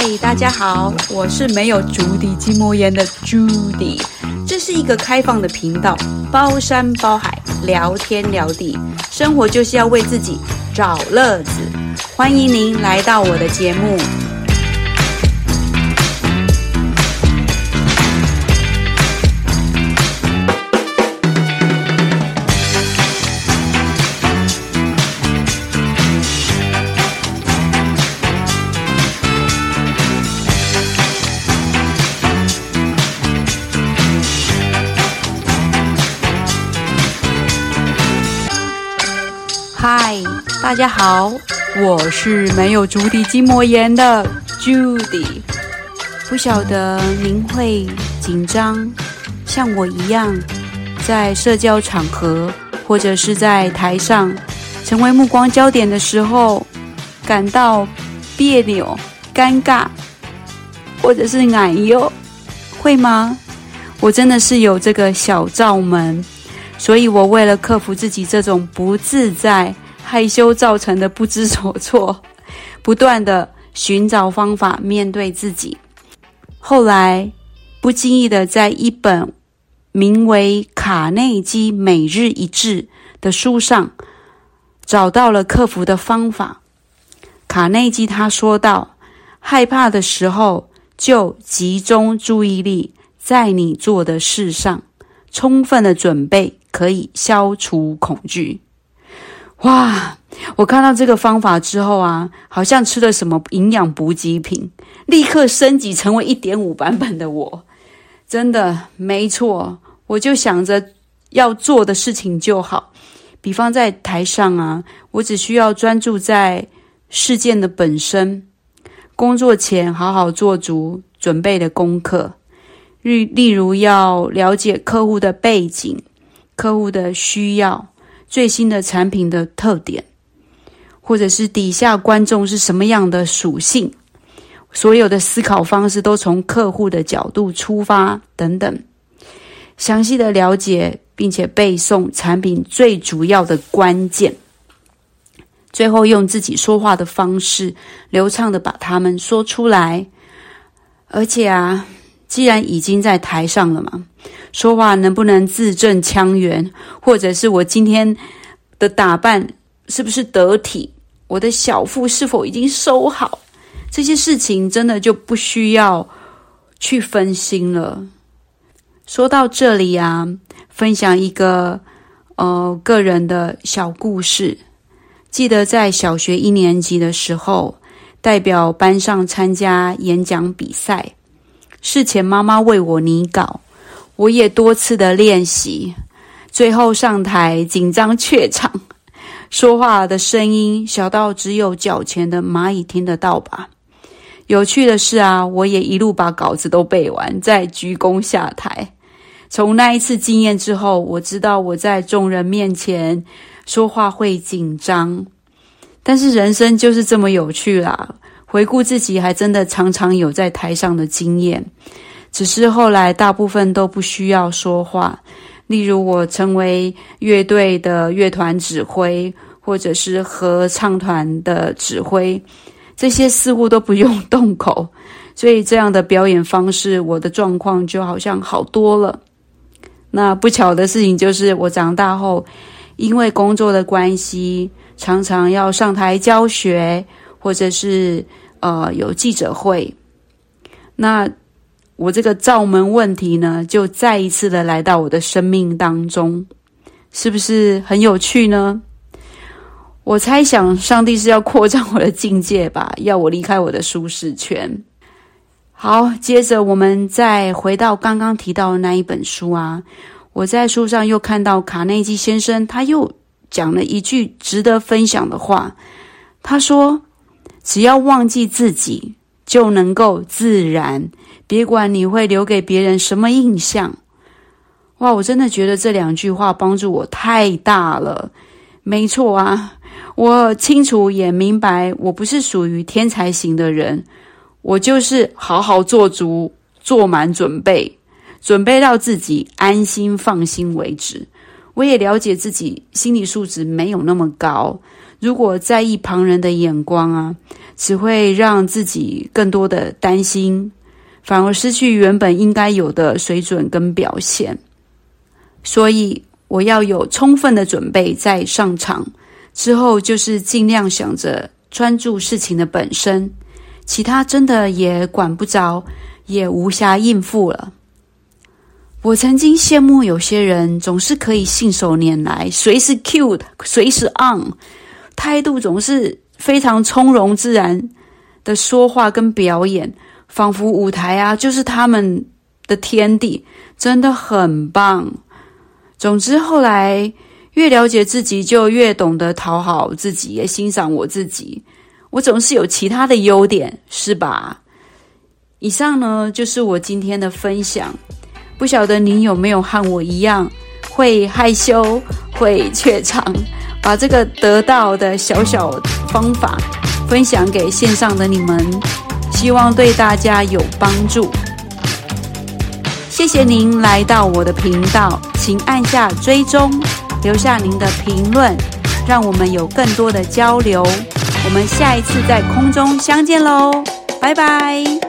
嗨，hey, 大家好，我是沒有足底筋膜炎的朱迪，這是一個開放的頻道，包山包海，聊天聊地，生活就是要為自己找樂子，歡迎您來到我的節目。嗨，Hi, 大家好，我是沒有足底筋膜炎的 Judy。不曉得您會緊張，像我一樣，在社交場合或者是在台上成為目光焦點的時候，感到彆扭、尷尬，或者是矮呦，會嗎？我真的是有這個小罩門。所以，我為了克服自己這種不自在、害羞造成的不知所措，不斷的尋找方法面對自己。後來，不經意的在一本名為《卡內基每日一志》的書上，找到了克服的方法。卡內基他說道：“害怕的時候，就集中注意力在你做的事上，充分的準備。”可以消除恐懼。哇！我看到這個方法之後啊，好像吃了什麼營養補給品，立刻升級成為一點五版本的我。真的沒錯，我就想着要做的事情就好。比方在台上啊，我只需要專注在事件的本身。工作前，好好做足準備的功課，例例如要了解客戶的背景。客戶的需要、最新的產品的特點，或者是底下觀眾是什麼樣的屬性，所有的思考方式都從客戶的角度出發，等等，詳細的了解，並且背誦產品最主要的關鍵，最後用自己說話的方式流暢的把他們說出來，而且啊，既然已經在台上了嘛。說話能不能字正腔圓，或者是我今天的打扮是不是得體，我的小腹是否已經收好，這些事情真的就不需要去分心了。說到這裡啊，分享一個呃個人的小故事。記得在小學一年級的時候，代表班上參加演講比賽，事前媽媽為我擬稿。我也多次的練習，最後上台緊張怯場，說話的聲音小到只有腳前的螞蟻聽得到吧。有趣的是啊，我也一路把稿子都背完，再鞠躬下台。從那一次經驗之後，我知道我在眾人面前說話會緊張。但是人生就是這麼有趣啦！回顧自己，還真的常常有在台上的經驗。只是後來大部分都不需要說話，例如我成為樂隊的樂團指揮，或者是合唱團的指揮，這些似乎都不用動口。所以這樣的表演方式，我的狀況就好像好多了。那不巧的事情就是，我長大後因為工作的關係，常常要上台教學，或者是呃有記者會，那，我這個罩門問題呢，就再一次的來到我的生命當中，是不是很有趣呢？我猜想上帝是要擴張我的境界吧，要我離開我的舒適圈。好，接着我們再回到剛剛提到的那一本書啊，我在書上又看到卡內基先生，他又講了一句值得分享的話。他說：“只要忘記自己。”就能夠自然，別管你會留給別人什麼印象。哇，我真的覺得這兩句話幫助我太大了。沒錯啊，我清楚也明白，我不是屬於天才型的人，我就是好好做足、做滿準備，準備到自己安心放心為止。我也了解自己心理素質沒有那麼高。如果在意旁人的眼光啊，只會讓自己更多的擔心，反而失去原本應該有的水準跟表現。所以我要有充分的準備再上場，之後就是盡量想着專注事情的本身，其他真的也管不着，也無暇應付了。我曾經羨慕有些人總是可以信手拈來，隨時 cute，隨時 on。態度總是非常從容自然的說話跟表演，仿佛舞台啊就是他們的天地，真的很棒。總之後來越了解自己，就越懂得討好自己，也欣賞我自己。我總是有其他的優點，是吧？以上呢就是我今天的分享。不曉得您有沒有和我一樣會害羞，會怯場。把這個得到的小小方法分享給線上的你們，希望對大家有幫助。謝謝您來到我的頻道，請按下追蹤，留下您的評論，讓我們有更多的交流。我們下一次在空中相見嘍，拜拜。